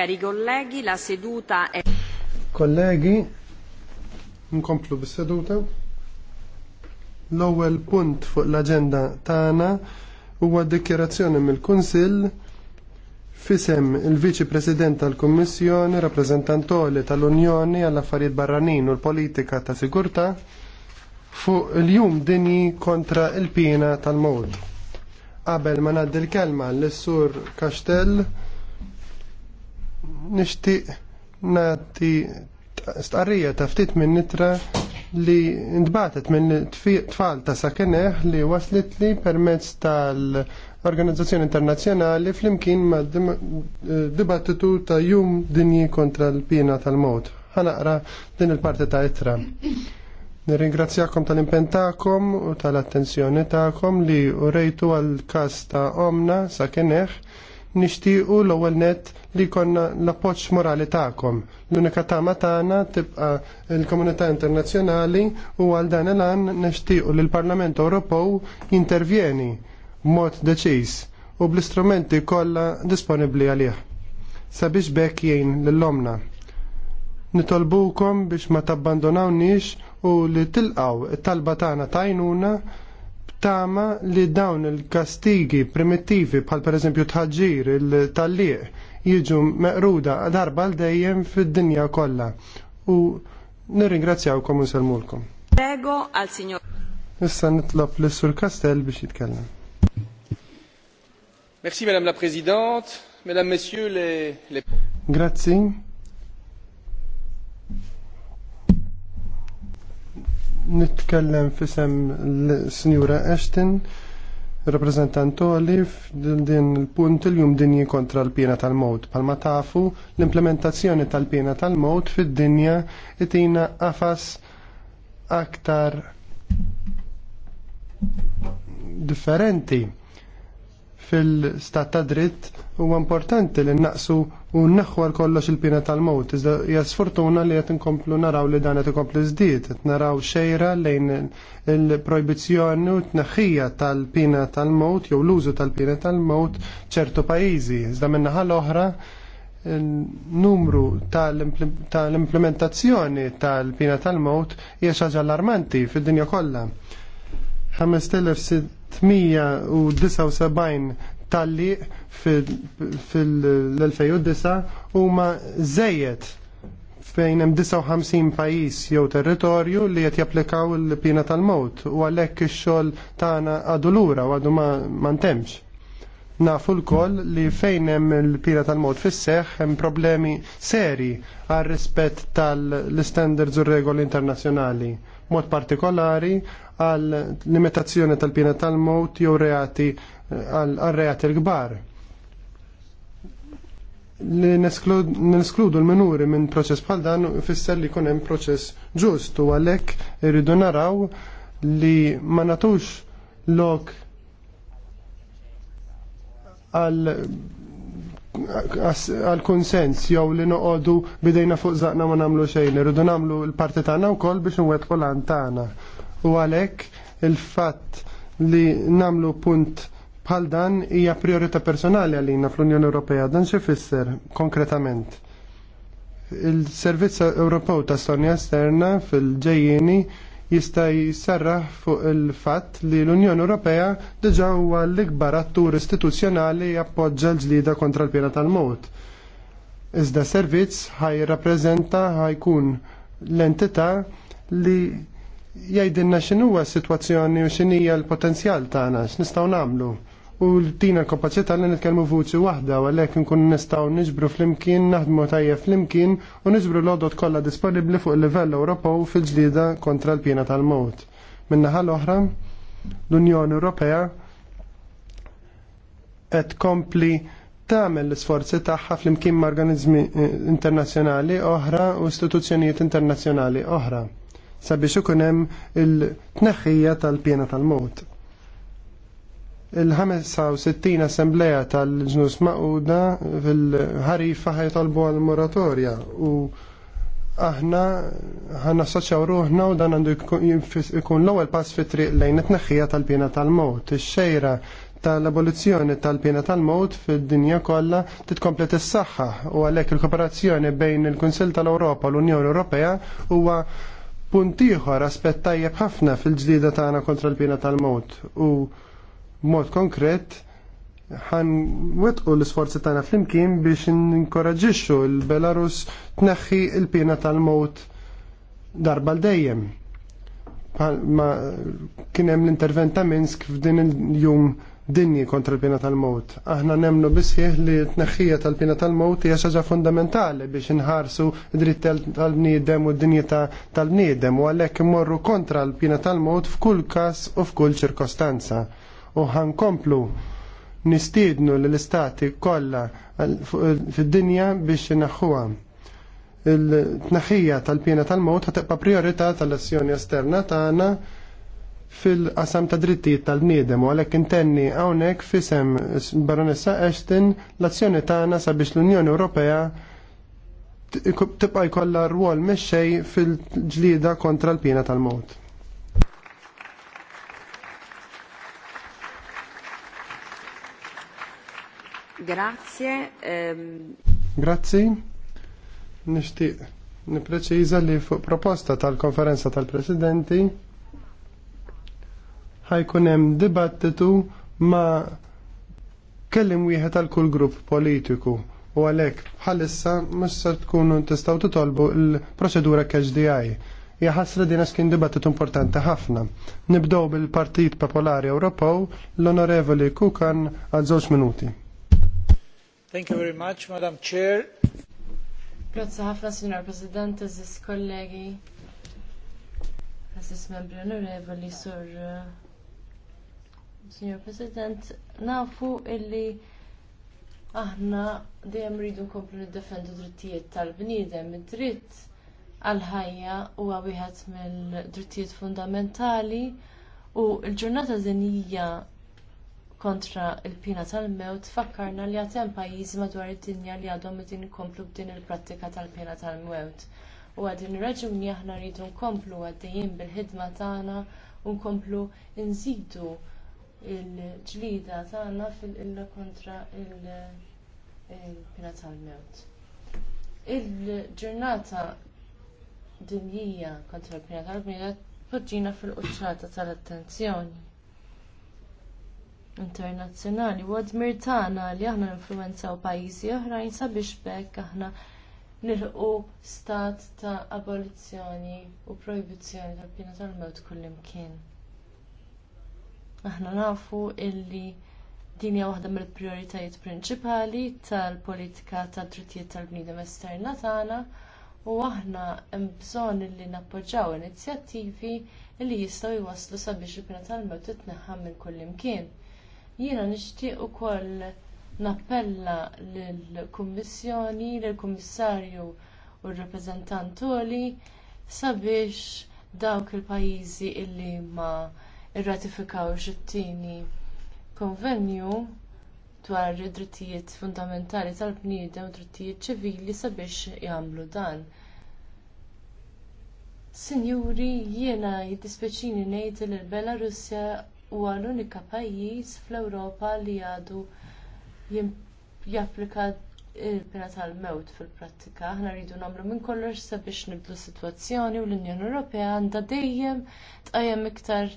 Cari colleghi, la seduta è... Kollegi, nkomplu bis-seduta. L-ewwel punt fuq l-aġenda tagħna huwa dikjerazzjoni mill-Kunsill fisem il-Viċi President tal-Kummissjoni, rappreżentantoli tal-Unjoni għall-Affarijiet Barranin u l-Politika ta' Sigurtà fuq il-jum dinji kontra il-pina tal-mod. Qabel ma ngħaddi l-kelma l-Sur Castell nixtieq nagħti stqarrija ta' ftit minn nitra li ndbatet minn tfal ta' sakeneħ li waslit li permezz tal-Organizzazzjoni Internazzjonali flimkien ma' dibattitu ta' jum dinji kontra l-pina tal-mod. Ħanaqra din il-parti ta' itra. Nirringrazzjakom tal-impentakom u tal-attenzjoni ta'kom li urejtu għal-kas ta' omna sakeneħ nixtiequ l-ewwel net li jkollna l-appoġġ morali tagħkom. L-unika tama tagħna tibqa' l-komunità internazzjonali u għal dan il-għan nixtiequ li l-Parlament Ewropew jintervjeni b'mod deċiż u bl-istrumenti kollha disponibbli għalih. Sabiex bekk jgħin lill-omna. Nitolbukom biex ma tabbandonawniex u li tilqaw it-talba tagħna tajnuna ta tama li dawn il-kastigi primittivi bħal pereżempju tħaġġir il-talliq jiġu meqruda darba l dejjem fid-dinja kollha. U nirringrazzjawkom u nselmulkom. Prego għal signor. Issa nitlob l sur Kastell biex jitkellem. Merci Madame la Présidente, Mesdames, Messieurs les... les... Grazie. nitkellem fisem l-Sinjura Ashton, rappresentantoli f'din il-punt il-jum dinji kontra l-pjena tal-mod. Palma tafu l-implementazzjoni tal-pjena tal-mod fid-dinja itina għafas aktar differenti fil-stat ta' dritt huwa importanti li naqsu u nneħħu għal kollox il-pina tal-mowt. Iżda hija sfortuna li qed inkomplu naraw li dan qed ikomplu żdied, qed naraw xejra lejn il-projbizzjoni u tneħħija tal-pina tal-mowt jew l-użu tal-pina tal-mowt ċertu pajjiżi. Iżda min-naħa l-oħra numru tal-implementazzjoni tal-pina tal-mowt hija ħaġa allarmanti fid-dinja kollha 5679 talliq fil-2009 huma żejjed fejn hemm 59 pajjiż jew territorju li qed japplikaw il-pina tal-mewt u għalhekk ix-xogħol tagħna għadu lura u għadu ma ntemx. Nafu lkoll li fejn hemm il-pina tal-mod fis-seħħ hemm problemi seri għar rispett tal-standards u regoli internazzjonali mod partikolari għal limitazzjoni tal-pjena tal-mot jew reati eh, għal reati l-kbar. Li neskludu l-minuri minn proċess bħal dan fisser li jkun hemm proċess ġust u għalhekk irridu naraw li ma natux lok għal għal konsens jew li noqogħdu bidejna fuq zaqna ma nagħmlu xejn, irridu nagħmlu l-parti tagħna wkoll biex nwettqu lan tagħna. U għalhekk il-fatt li nagħmlu punt bħal dan hija priorità personali għalina fl-Unjoni Ewropea. Dan xi fisser konkretament? Il-Servizz Ewropew ta' Sonja Esterna fil-ġejjieni jista' jisarraħ fuq il-fatt li l-Unjoni Ewropea diġà huwa l-ikbar attur istituzzjonali jappoġġa l-ġlida kontra l-pjena tal-mod. Iżda servizz ħaj rappreżenta ħajkun l-entità li jgħidilna x'inhuwa s-sitwazzjoni u x'inhija l-potenzjal tagħna x'nistgħu nagħmlu u l-tina l-kapacità li nitkellmu vuċi waħda u għalhekk nkun nistgħu niġbru flimkien, naħdmu tajjeb flimkien u niġbru l-għodot kollha disponibbli fuq il-livell Ewropew fil-ġdida kontra l-pjena tal mot Min-naħa l-oħra, l-Unjoni Ewropea qed kompli tagħmel l-isforzi tagħha flimkien ma' organizmi eh, internazzjonali oħra u istituzzjonijiet internazzjonali oħra sabiex ikun hemm il-tneħħija tal-pjena tal mot il-65 assembleja tal-ġnus maquda fil-ħarifa talbu għal-moratorja u aħna ħanna soċjaw ruħna u dan għandu jkun l-ewwel pass fi triq lejn it-tneħħija tal-pjena tal mod Ix-xejra tal-abolizzjoni tal-pjena tal mod fid-dinja kollha s saħħa u għalhekk il-kooperazzjoni bejn il-Kunsill tal-Ewropa u l-Unjoni Ewropea huwa punt ieħor aspett tajjeb ħafna fil-ġdida tagħna kontra l-pjena tal mod U mod konkret ħan wetqu l-sforzi tagħna flimkien biex ninkoraġixxu l-Belarus tneħħi l pina tal-mowt darba l-dejjem. Ma kien hemm l-intervent ta' Minsk f'din il-jum dinji kontra l pina tal-mowt. Aħna nemnu bisħieħ li t-neħħija tal pina tal-mowt hija xaġa fundamentali biex inħarsu id-dritt tal-bniedem u d-dinjità tal-bniedem u għalhekk imorru kontra l pina tal-mowt f'kull każ u f'kull ċirkostanza u ħankomplu nistiednu l-istati kollha fid-dinja biex naħħuha. Il-tnaħija tal-pjena tal ta ħatibqa' priorità tal-azzjoni esterna tagħna fil-qasam ta' drittijiet tal-bniedem u għalhekk intenni hawnhekk fisem Baronessa Ashton l-azzjoni tagħna sabiex l-Unjoni Ewropea tibqa' jkollha rwol mexxej fil-ġlieda kontra l-pjena tal mot Grazie. Um... Grazzi. Nishtiq nipreċiża li fuq proposta tal-konferenza tal-presidenti ħajkun hemm dibattitu ma kellim wieħed għal kull grupp politiku u għalhekk bħalissa mhux se tkunu tistgħu titolbu l-proċedura KHDI. Ja ħasra din kien dibattitu importanti ħafna. Nibdew bil-Partit Popolari Ewropew l-Onorevoli Kukan għal żewġ minuti. Thank you very much, Madam Chair. Grazie ħafna, Signor President, eżis kollegi, eżis membri onorevoli, sur eh, Signor President, nafu illi aħna dejjem rridu nkomplu niddefendu drittijiet tal-bniedem, id-dritt għal-ħajja huwa wieħed mill-drittijiet fundamentali u l-ġurnata din hija kontra l pina tal-mewt fakkarna li għad hemm pajjiżi madwar id-dinja li għadhom qegħdin ikomplu b'din il-prattika tal-pina tal-mewt. U għadin raġuni aħna rridu nkomplu għaddejjin bil-ħidma tagħna u nkomplu nżidu l ġlida tagħna fil-illa kontra il-pina tal-mewt. Il-ġurnata dinjija kontra l-pina tal-mewt poġġina fil-quċċata tal-attenzjoni internazzjonali u għadmir tagħna li aħna ninfluwenzaw pajjiżi oħrajn sabiex bekk aħna nilqu stat ta' abolizzjoni u projbizzjoni tal-pina tal-mewt kullimkien. Aħna nafu illi din hija waħda mill-prijoritajiet prinċipali tal-politika tad drittijiet tal-bniedem esterna tagħna u aħna hemm bżonn li nappoġġjaw inizjattivi li jistgħu jwasslu sabiex il-pina tal-mewt titneħħa minn kullimkien Jiena nixtieq ukoll nappella lill-Kummissjoni, lill-Kummissarju u r-rappreżentanturi sabiex dawk il-pajjiżi illi ma rratifikawx it-tieni konvenju dwar id-drittijiet fundamentali tal-bniedem u drittijiet ċivili sabiex jagħmlu dan. Sinjuri, jiena jiddispjaċini ngħid li l-Belarusja huwa l-unika pajjiż fl-Ewropa li għadu japplika il-pena tal-mewt fil-prattika. Aħna rridu nagħmlu minn kollox sabiex nibdlu s-sitwazzjoni u l-Unjoni Ewropea għandha dejjem tqajjem iktar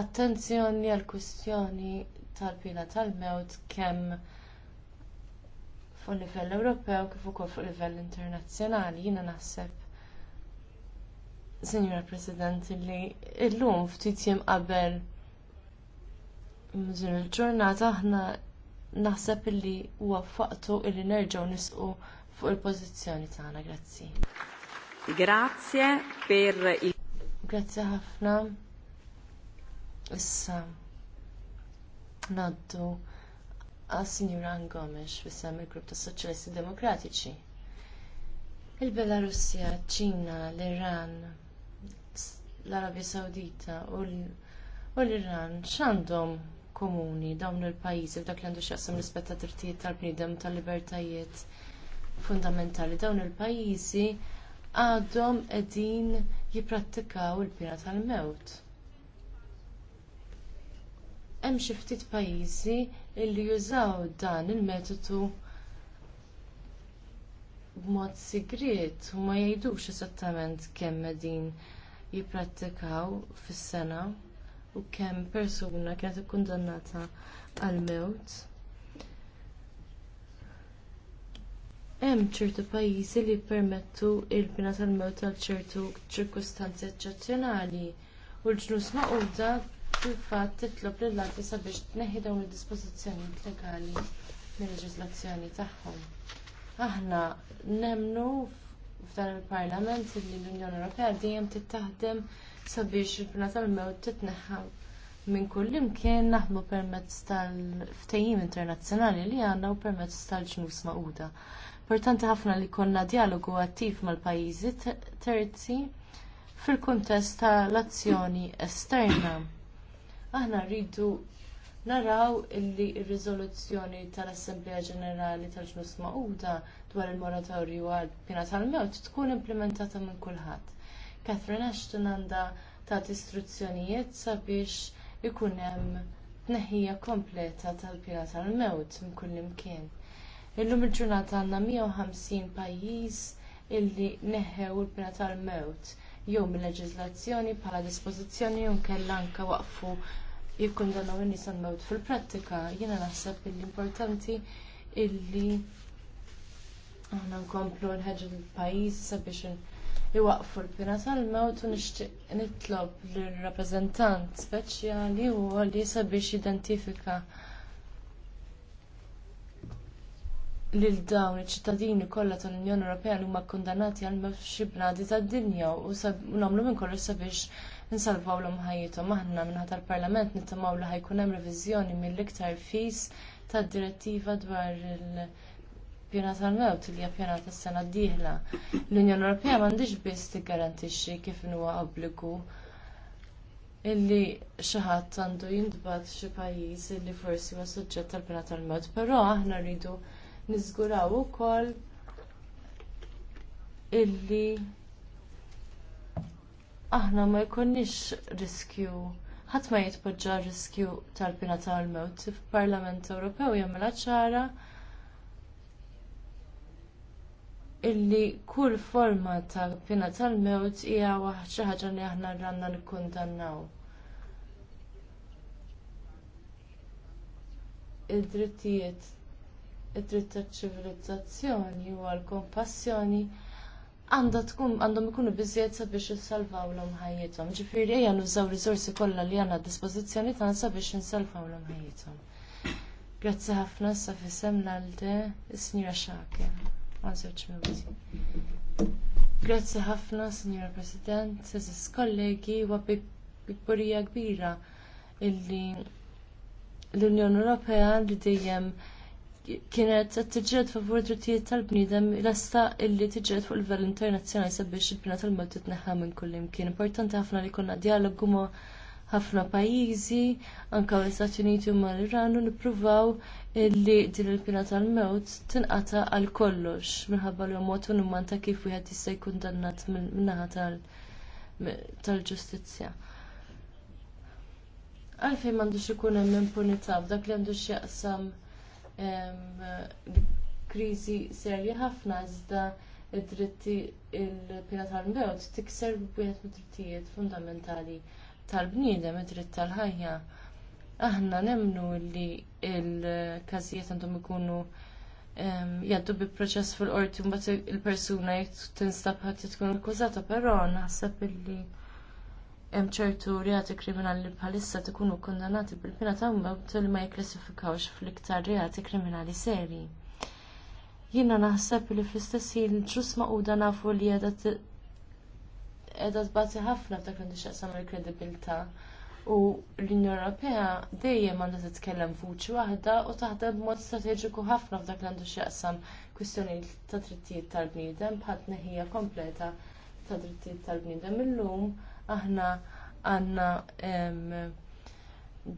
attenzjoni għall kwistjoni tal-pena tal-mewt kemm fuq livell Ewropew kif ukoll fuq livell internazzjonali. Jiena naħseb Signora President, li llum ftit jiem qabel Mżin il-ġurnata aħna naħseb illi huwa faqtu illi nerġgħu nisqu fuq il-pożizzjoni tagħna, grazzi. Grazie per il Grazzi ħafna. Issa naddu għas Sinjura Angomex fissam il-Grupp tas Soċjalisti Demokratiċi. Il-Belarusja, ċina, l-Iran, l-Arabja Sawdita u l-Iran x'għandhom komuni dawn il-pajjiżi f'dak li għandu x'jaqsam rispetta ta' drittijiet tal-bniedem tal-libertajiet fundamentali dawn il-pajjiżi għadhom qegħdin jipprattikaw il-pena tal-mewt. Hemm xi ftit pajjiżi li jużaw dan il-metodu b'mod sigriet u ma jgħidux esattament kemm qegħdin jipprattikaw fis-sena u kemm persuna kienet ikkundannata għal mewt. Hemm ċertu pajjiżi li jippermettu l bina tal-mewt għal ċertu ċirkustanzi eċċezzjonali u l-ġnus maquda fil-fatt titlob lil lati sabiex tneħħi dawn id-dispożizzjonijiet legali mill-leġiżlazzjoni tagħhom. Aħna nemnu f'dan il-Parlament li l-Unjoni Ewropea dejjem tittaħdem sabiex il-pena tal-mewt titneħħa minn kull imkien naħdmu permezz tal-ftehim internazzjonali li għandna u permezz tal-ġnus maquda. Importanti ħafna li jkollna dijalogu attiv mal-pajjiżi terzi fil-kuntest tal-azzjoni esterna. Aħna rridu naraw illi r-riżoluzzjoni tal-Assemblea Ġenerali tal-Ġnus Magħquda dwar il-moratorju għal pina tal-mewt tkun implementata minn kulħadd. Catherine Ashton għandha tagħti istruzzjonijiet sabiex ikun hemm tneħħija kompleta tal-pina tal-mewt minn kull imkien. Illum il-ġurnata għandna 150 pajjiż illi neħħew il-pena tal-mewt jew mill-leġiżlazzjoni bħala dispożizzjoni jew kellha anke waqfu jikkundanaw in-nies mewt fil-prattika, jiena naħseb l-importanti illi aħna nkomplu nħeġġu l-pajjiż sabiex iwaqfu l-pina tal-mewt u nixtieq nitlob lir-rappreżentant speċjali u li sabiex jidentifika lil dawn iċ-ċittadini kollha tal-Unjoni Ewropea li huma kkundannati għal xi bnadi tad-dinja u nagħmlu minn kollox sabiex nsalvaw l-om ħajjithom. Aħna minħat tal-Parlament nittamaw li ħajkun hemm reviżjoni mill-iktar fis tad-direttiva dwar il-pjena tal-mewt li hija pjena tas-sena d-dieħla. L-Unjoni Ewropea m'għandix biss tiggarantixxi kif huwa obbligu illi xi ħadd għandu jintbagħat xi pajjiż illi forsi huwa suġġett tal-pjena tal-mewt, però aħna rridu niżguraw ukoll illi aħna ma jkunniex riskju ħadd ma jitpoġġa r riskju tal-pina tal-mewt fil-Parlament Ewropew jagħmilha ċara illi kull forma ta' pina tal-mewt hija xi ħaġa li aħna rranna nikkundannaw. Id-drittijiet id-dritt taċ-ċivilizzazzjoni huwa l-kompassjoni għandha tkun għandhom ikunu biżjed sabiex issalvaw l ħajjithom. Ġifieri ejja nużaw riżorsi kollha li għandna d dispożizzjoni tagħna sabiex insalvaw l ħajjithom. Grazzi ħafna sa fissem l-alde s-snira xake. Għazewċ minuti. Grazzi ħafna, Sinjura President, s kollegi, u għabbiburija kbira illi l-Unjoni Ewropea li dejjem kienet qed tiġġieled favur drittijiet tal-bniedem lesta illi tiġred fuq livell internazzjonali sabiex il-bina tal-mod titneħħa minn kull imkien. Importanti ħafna li konna dialogu ma' ħafna pajjiżi, anke l-Istati Uniti u mal-Iran u nippruvaw illi din il-bina tal-mewt tinqata għal kollox minħabba li mod numan ta' kif wieħed jista' jkun dannat min-naħa tal-ġustizzja. Għalfejn m'għandux ikun hemm impunità f'dak li għandu x'jaqsam kriżi serja ħafna iżda id-dritti il-pina tal-mewt tikser wieħed mid-drittijiet fundamentali tal-bniedem id-dritt tal-ħajja. Aħna nemnu li l-każijiet għandhom ikunu jaddu bi proċess fil-qorti mbagħad il-persuna tinstab ħadd tkun akkużata, però naħseb illi hemm ċertu reati kriminali li bħalissa tkunu kondannati bil-pena ta' mewt li ma jikklassifikawx fl-iktar reati kriminali serji. Jiena naħseb li fl-istess ħin ġus maquda nafu li qiegħda tbagħti ħafna f'dak li xaqsam il-kredibilità. U l-Unjoni Ewropea dejjem għandha titkellem vuċi waħda u taħdem b'mod strateġiku ħafna f'dak li għandu x'jaqsam kwistjonijiet ta' drittijiet tal-bniedem bħal tneħħija kompleta ta' drittijiet tal-bniedem illum aħna għandna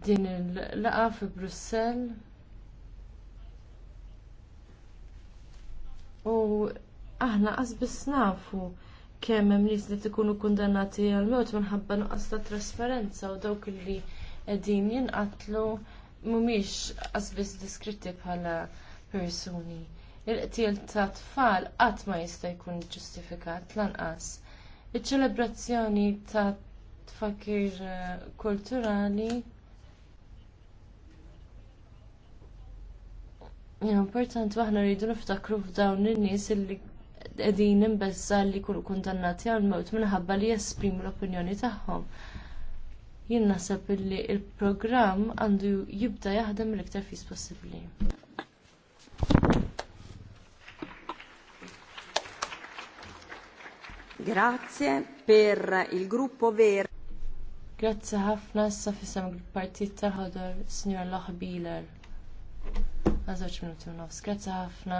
din il laqgħa fi Brussell. U aħna qasbis nafu kemm hemm nies li tkunu kundannati għal mewt minħabba nuqqas ta' trasparenza u dawk li qegħdin jinqatlu mhumiex qasbis diskritti bħala persuni. Il-qtil ta' tfal qatt ma jista' jkun ġustifikat lanqas. Iċ-ċelebrazzjoni ta' tfakir eh, kulturali Importanti waħna rridu niftakru f'dawn in-nies illi qegħdin imbezza li jkunu kundannati għal mewt minħabba li jesprimu l-opinjoni tagħhom. Jien naħseb illi l-programm għandu jibda jaħdem l-iktar fis possibbli. Grazie per il gruppo Ver. Grazzi ħafna issa fissam il-partit ta' ħodor Signor Loħbiler. Għazoċ minuti nofs. Grazzi ħafna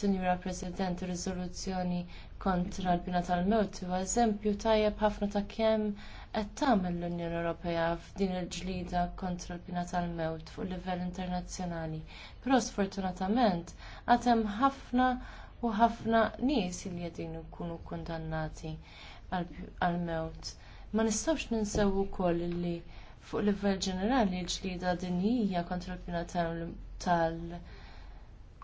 Signora President Rizoluzzjoni kontra l-bina tal-mewt u eżempju tajjeb ħafna ta' kemm qed tagħmel l-Unjoni Ewropea f'din il-ġlida kontra l-bina tal-mewt fuq livell internazzjonali. Però sfortunatament għad hemm ħafna u ħafna nies li qegħdin ikunu kundannati għall mewt Ma nistgħux ninsew ukoll li fuq livell ġenerali l-ġlieda dinjija kontra l-pina tal-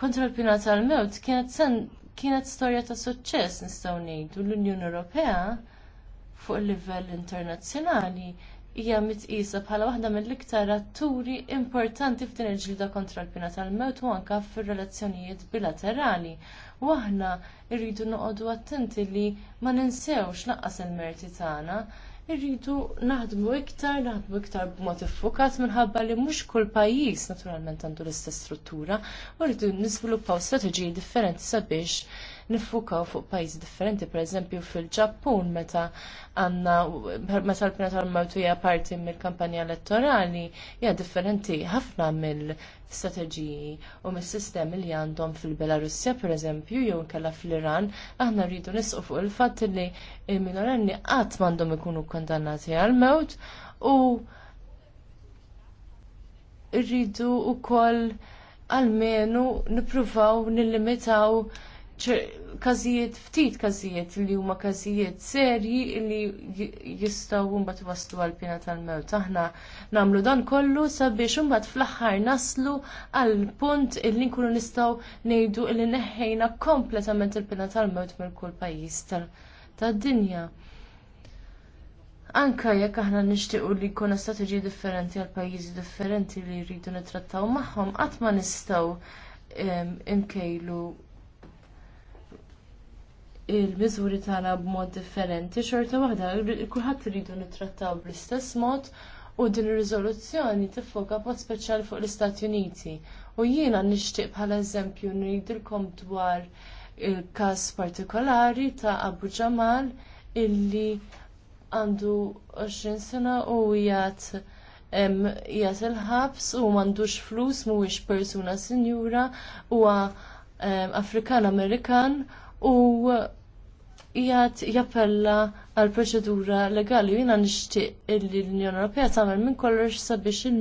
kontra l-pina tal-mewt kienet storja ta' suċċess nistgħu ngħidu l-Unjoni Ewropea fuq livell internazzjonali hija mitqisa bħala waħda mill-iktar atturi importanti f'din il-ġlida kontra l-pina tal-mewt u anke fir-relazzjonijiet bilaterali. U aħna rridu noqogħdu attenti li ma ninsewx naqqas il-merti tagħna. Irridu naħdmu iktar, naħdmu iktar b'mod iffukat minħabba li mhux kull pajjiż naturalment għandu l-istess struttura u rridu nisviluppaw strateġiji differenti sabiex niffukaw fuq pajjiżi differenti, pereżempju fil-Ġappun meta għandna meta l-pina tal-mewt hija parti mill-kampanja elettorali hija differenti ħafna mill-strateġiji u mis-sistemi li għandhom fil-Belarusja pereżempju jew kalla fl-Iran aħna rridu nisqu fuq il-fatt li il-minorenni qatt m'għandhom ikunu kondannati għal-mewt u rridu wkoll għalmenu nippruvaw nillimitaw każijiet ftit każijiet li huma każijiet serji li jistgħu mbagħad waslu għal pina tal-mewt. Aħna nagħmlu dan kollu sabiex imbagħad fl-aħħar naslu għal punt illi nkunu nistgħu ngħidu li neħħejna kompletament il pina tal-mewt mill kull pajjiż tad-dinja. Anke jekk aħna nixtiequ li jkunna strateġiji differenti għal pajjiżi differenti li jridu nittrattaw magħhom qatt ma nistgħu ehm, nkejlu il-miżuri tagħna b'mod differenti xorta waħda kulħadd iridu nittrattaw bl-istess mod u din ir-riżoluzzjoni tiffoka b'mod speċjali fuq l-Istati Uniti. U jiena nixtieq bħala eżempju nridilkom dwar il-każ partikolari ta' Abu Ġamal illi għandu 20 sena u jgħat jgħat il-ħabs u m'għandux flus mhuwiex persuna sinjura huwa Afrikan Amerikan u jgħat jappella għal proċedura legali u jina nishtiq l-Unjoni Ewropea tagħmel minn kollox sabiex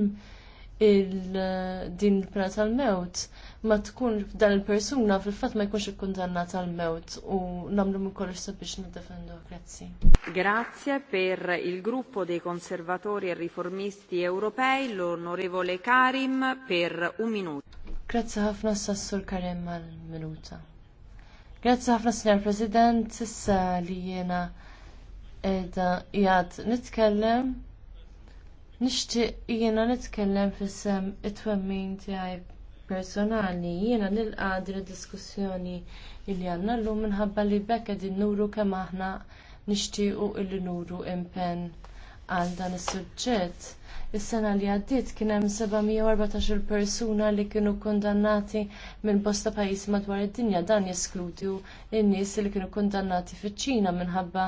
il-din il-pena tal-mewt ma tkun dan il-persuna fil-fatt ma jkunx ikkundanna tal-mewt u namlu minn kollox sabiex niddefendu grazzi. Grazie per il gruppo dei conservatori e riformisti europei l'onorevole Karim per un minuto. Grazie ħafna sassur Karim mal minuta. Grazzi ħafna Signor President, issa li jiena edha jgħad nitkellem. Nixtieq jiena nitkellem fissem it-twemmin tiegħi personali jiena nil-qadri id-diskussjoni illi għandna llum minħabba li bekk qegħdin nuru kemm aħna nixtiequ illi nuru impenn għal dan is-suġġett. Is-sena li għaddiet kien hemm 714 persuna li kienu kundannati minn bosta pajjiżi madwar id-dinja dan jeskludi n-nies li kienu kundannati fiċ-Ċina minħabba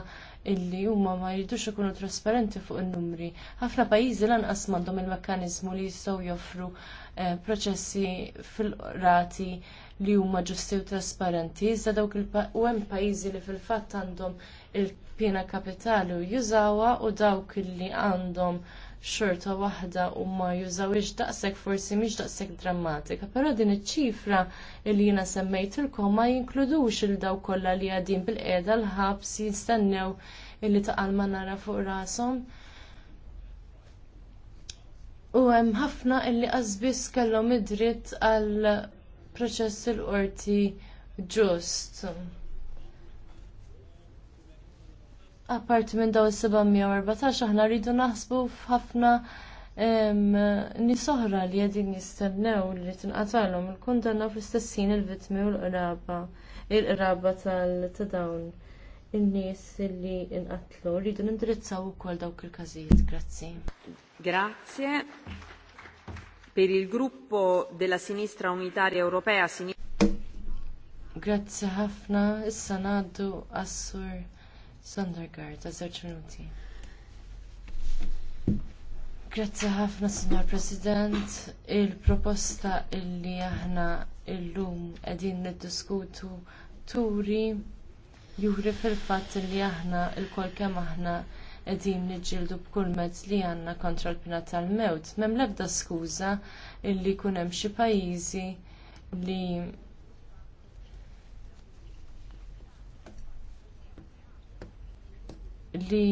illi huma ma jridux ikunu trasparenti fuq in-numri. Ħafna pajjiżi lanqas m'għandhom il-mekkaniżmu li jistgħu joffru eh, proċessi fil-qrati li huma ġusti u trasparenti, iżda dawk u hemm pajjiżi li fil-fatt għandhom il-pjena kapitali u jużawha u dawk li għandhom xorta waħda u ma jużawix daqshekk forsi mhix daqshekk drammatika, però din iċ-ċifra li jiena semmejtilkom ma jinkludux il dawk kollha li għadin bil-qiegħda l-ħabs jistennew illi taqal ma nara fuq rashom. U hemm ħafna illi qasbis kellhom id-dritt għal proċess il-qorti ġust. Apparti minn daw is-714 aħna rridu naħsbu f'ħafna nisoħra li qegħdin jistennew li tinqatalhom il-kundanna fl-istessin il-vittmi u l-qraba il-qraba tal-ta' dawn in-nies li inqatlu rridu nindirizzaw ukoll dawk il-każijiet. Grazzi. Grazie per il gruppo della Sinistra Unitaria Europea Sinistra. Grazzi ħafna, issa ngħaddu Assur sur Sondergaard, għazzarċ minuti. Grazzi ħafna, Signor President, il-proposta illi aħna illum qegħdin niddiskutu turi juri fil fatt li aħna il-kol kem aħna qegħdin niġġieldu b'kull mezz li għandna kontra l-pina tal-mewt. M'hemm l-ebda skuża li jkun hemm xi pajjiżi li li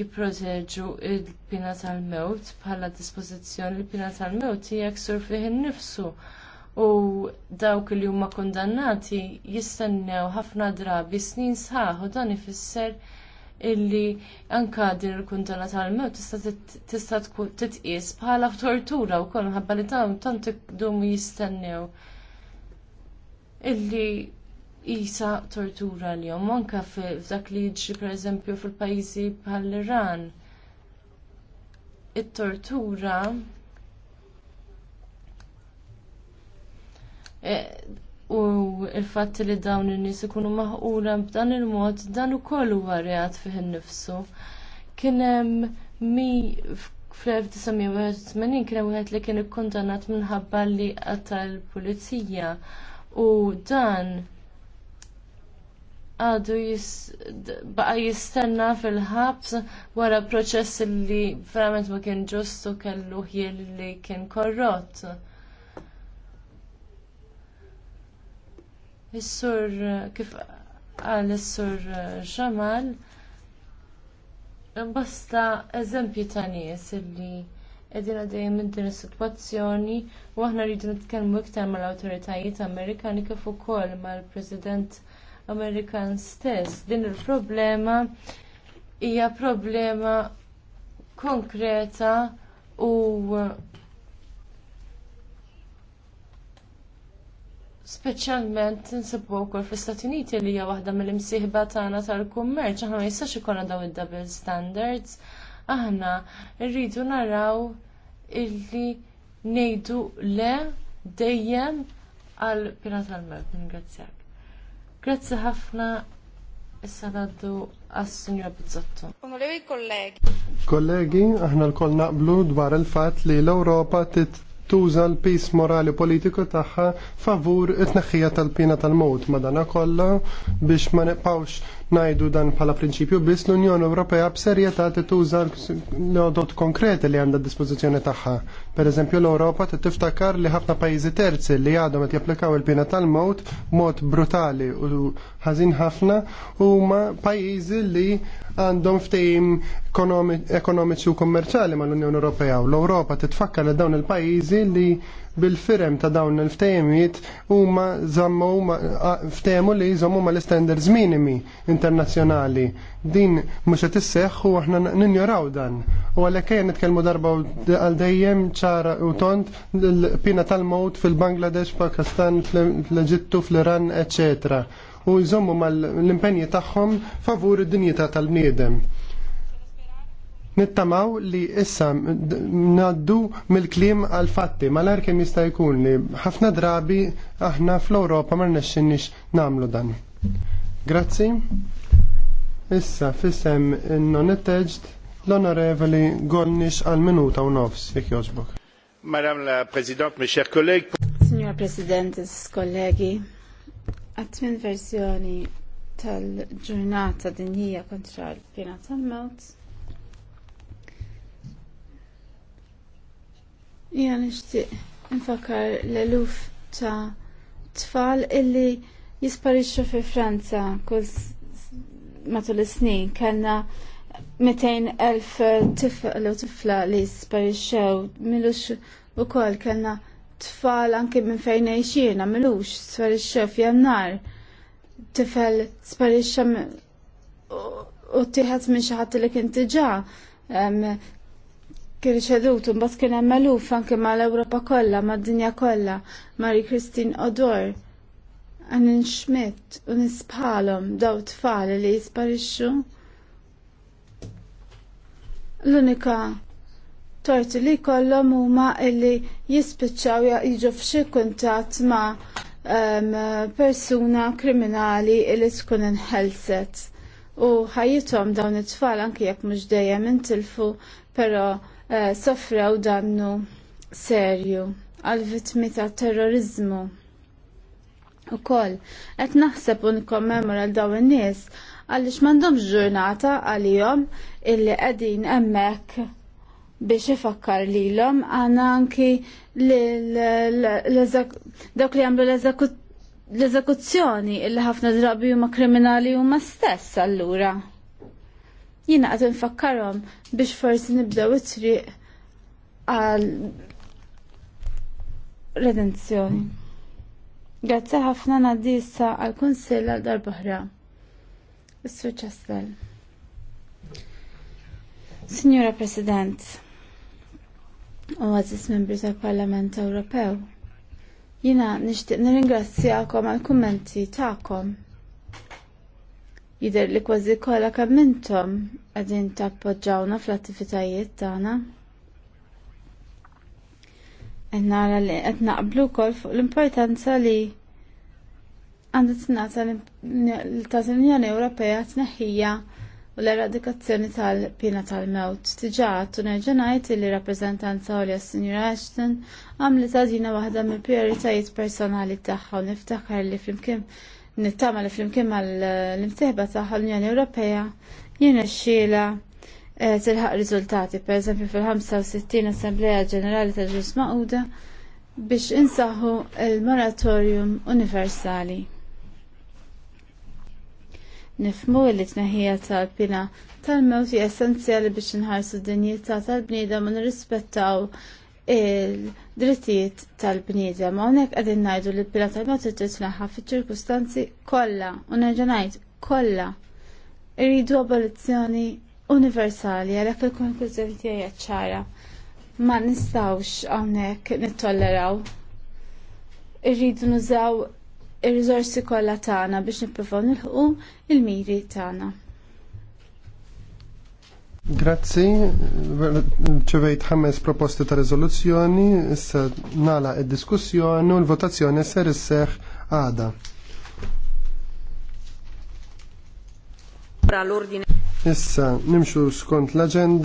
jipproteġu l pina tal-mewt bħala dispożizzjoni l pina tal-mewt hija ksur fih innifsu u dawk li huma kundannati jistennew ħafna drabi snin sħaħ u dan ifisser illi anka din il-kundana tal-mewt tista' titqies bħala tortura wkoll minħabba li dawn tant ikdumu jistennew illi jisa tortura għalihom jom anka f'dak li jiġri pereżempju fil-pajjiżi bħall-Iran. It-tortura eh, u il-fatt li dawn in-nies ikunu maħqura b'dan il-mod dan ukoll huwa reat fih innifsu. Kien hemm mi fl-1981 kien hemm wieħed li kien ikkondannat minħabba li qatal pulizija u dan għadu baqa jistenna fil-ħabs wara proċess li verament ma kien ġustu kellu ħjel li kien korrott. Is-sur kif qal is-sur Ġamal eh, bosta eżempji ta' nies illi qegħdin dejjem minn din is-sitwazzjoni u aħna rridu nitkellmu iktar mal-awtoritajiet Amerikani kif ukoll mal-President Amerikan stess. Din il-problema hija problema konkreta u Speċjalment insibu wkoll fl-Istati Uniti li hija waħda mill-imsieħba tagħna tal-kummerċ, aħna ma jistax ikolna dawn id-double standards. Aħna rridu naraw illi ngħidu le dejjem għal pina tal-meb. Ningrazzjak. Grazzi ħafna issa għaddu għas-Sinjora Bizzotto. Onorevoli kollegi. Kollegi, aħna l-koll naqblu dwar il-fatt li l-Ewropa tit tuża l-pis morali politiku tagħha favur it-tneħħija tal-pina tal mod madana kollha biex ma nibqawx najdu dan bħala prinċipju biss l-Unjoni Ewropea b'serjetà tuża l-odot konkreti li għandha dispożizzjoni tagħha. Pereżempju l-Ewropa tiftakar li ħafna pajjiżi terzi li għadhom qed japplikaw il-pena tal mod mod brutali u ħażin ħafna huma pajjiżi li għandhom ftehim ekonomiċi u kommerċali mal-Unjoni Ewropea u l-Ewropa titfakkar li dawn il-pajjiżi li bil-firem ta' dawn il-ftejemiet huma żammu ftehmu li jżommu ma l-standards minimi internazzjonali. Din mhux qed isseħħ u aħna ninjoraw dan. U għalhekk ejja nitkellmu darba għal dejjem ċara u tont l-pina tal-mowt fil-Bangladesh, Pakistan, fl-Eġittu, fl-Iran, eċċetera. U jżommu mal-impenji tagħhom favur id-dinjità tal-bniedem. Nittamaw li issa naddu mill-klim għal-fatti, mal kem jista' jkun li ħafna drabi aħna fl-Ewropa ma rnexxinniex nagħmlu dan. Grazzi. Issa fissem non etteġd l-onorevoli Golnix għal-minuta u nofs, jekk jogħġbok. Madam la Presidente, mes chers collègues. Signor President, kollegi, għatmin verzjoni tal-ġurnata dinjija kontra l pina tal-mewt Ija nixtieq infakar l-eluf ta' tfal illi jisparixxu fi Franza kull matul is-snin kellna 200,000 tifel u tifla li jisparixxew milux ukoll kellna tfal anke minn fejn għajxina milux sparixxew f'jannar tifel sparixxa u tieħed minn xi ħadd li kien diġà Kien ċedut, mbagħad kien hemm eluf anke mal-Ewropa kollha, mad-dinja kollha, Mari Christine Odor, Annin Schmidt, u nisbħalhom daw tfal li jisparixxu. L-unika torti li kollhom huma illi jispiċċaw jiġu f'xi kuntatt ma' um, persuna kriminali li tkun inħelset. U ħajjithom dawn it-tfal anke jekk mhux dejjem intilfu, però Eh, sofrew dannu serju għal vittmi ta' terrorizmu. U koll, et naħseb un għal daw n-nies għalix mandom ġurnata għal-jom illi għedin emmek biex ifakkar li l-om għana anki dawk li għamlu l-eżekuzzjoni illi ħafna drabi huma kriminali huma stess allura. Jiena għad nfakkarhom biex forsi nibdew it-triq għal redenzjoni. Grazzi ħafna nadisa għal kunsill għal darbohra. is Ċastel. Signora President, u għazis membri tal-Parlament Ewropew, jina nishtiq nirringrazzjakom għal kummenti ta'kom. Jider li kważi kollha kemm intom qegħdin tappoġġawna fl-attivitajiet tagħna. Qed nara li qed naqblu wkoll fuq l-importanza li għandha tingħata l-Unjoni Ewropea tneħħija u l-eradikazzjoni tal-pina tal-mewt. Tiġa għattu nerġanajt li rappresentanza olja s-Sinjura Ashton għamlet għadina waħda mill prioritajiet personali tagħha u niftakar li flimkien nittama li flimkien mal eh, l-imtihba tagħha l-Unjoni Ewropea jiena xxila eh, tilħaq riżultati, pereżempju fil-65 Assembleja Ġenerali tal-Ġus Maquda biex insaħħu il-moratorium universali nifmu li tneħija tal-pina tal mewti essenzjali biex inħarsu d-dinjità tal-bniedem u nirrispettaw il-drittijiet tal-bniedem. Hawnhekk qegħdin ngħidu li l-pila tal-mewt titlaħħa fiċ-ċirkustanzi kollha u nerġa' ngħid kollha irridu abolizzjoni universali għalhekk il-konklużjoni tiegħi ċara. Ma nistawx hawnhekk nittolleraw. Irridu nużaw ir-riżorsi kollha tagħna biex nippruvaw nilħqu il-miri tagħna. Grazzi, ċevejt ħames proposti ta' rezoluzzjoni, issa nala id-diskussjoni u l-votazzjoni ser isseħ għada. Issa, nimxu skont l-agenda.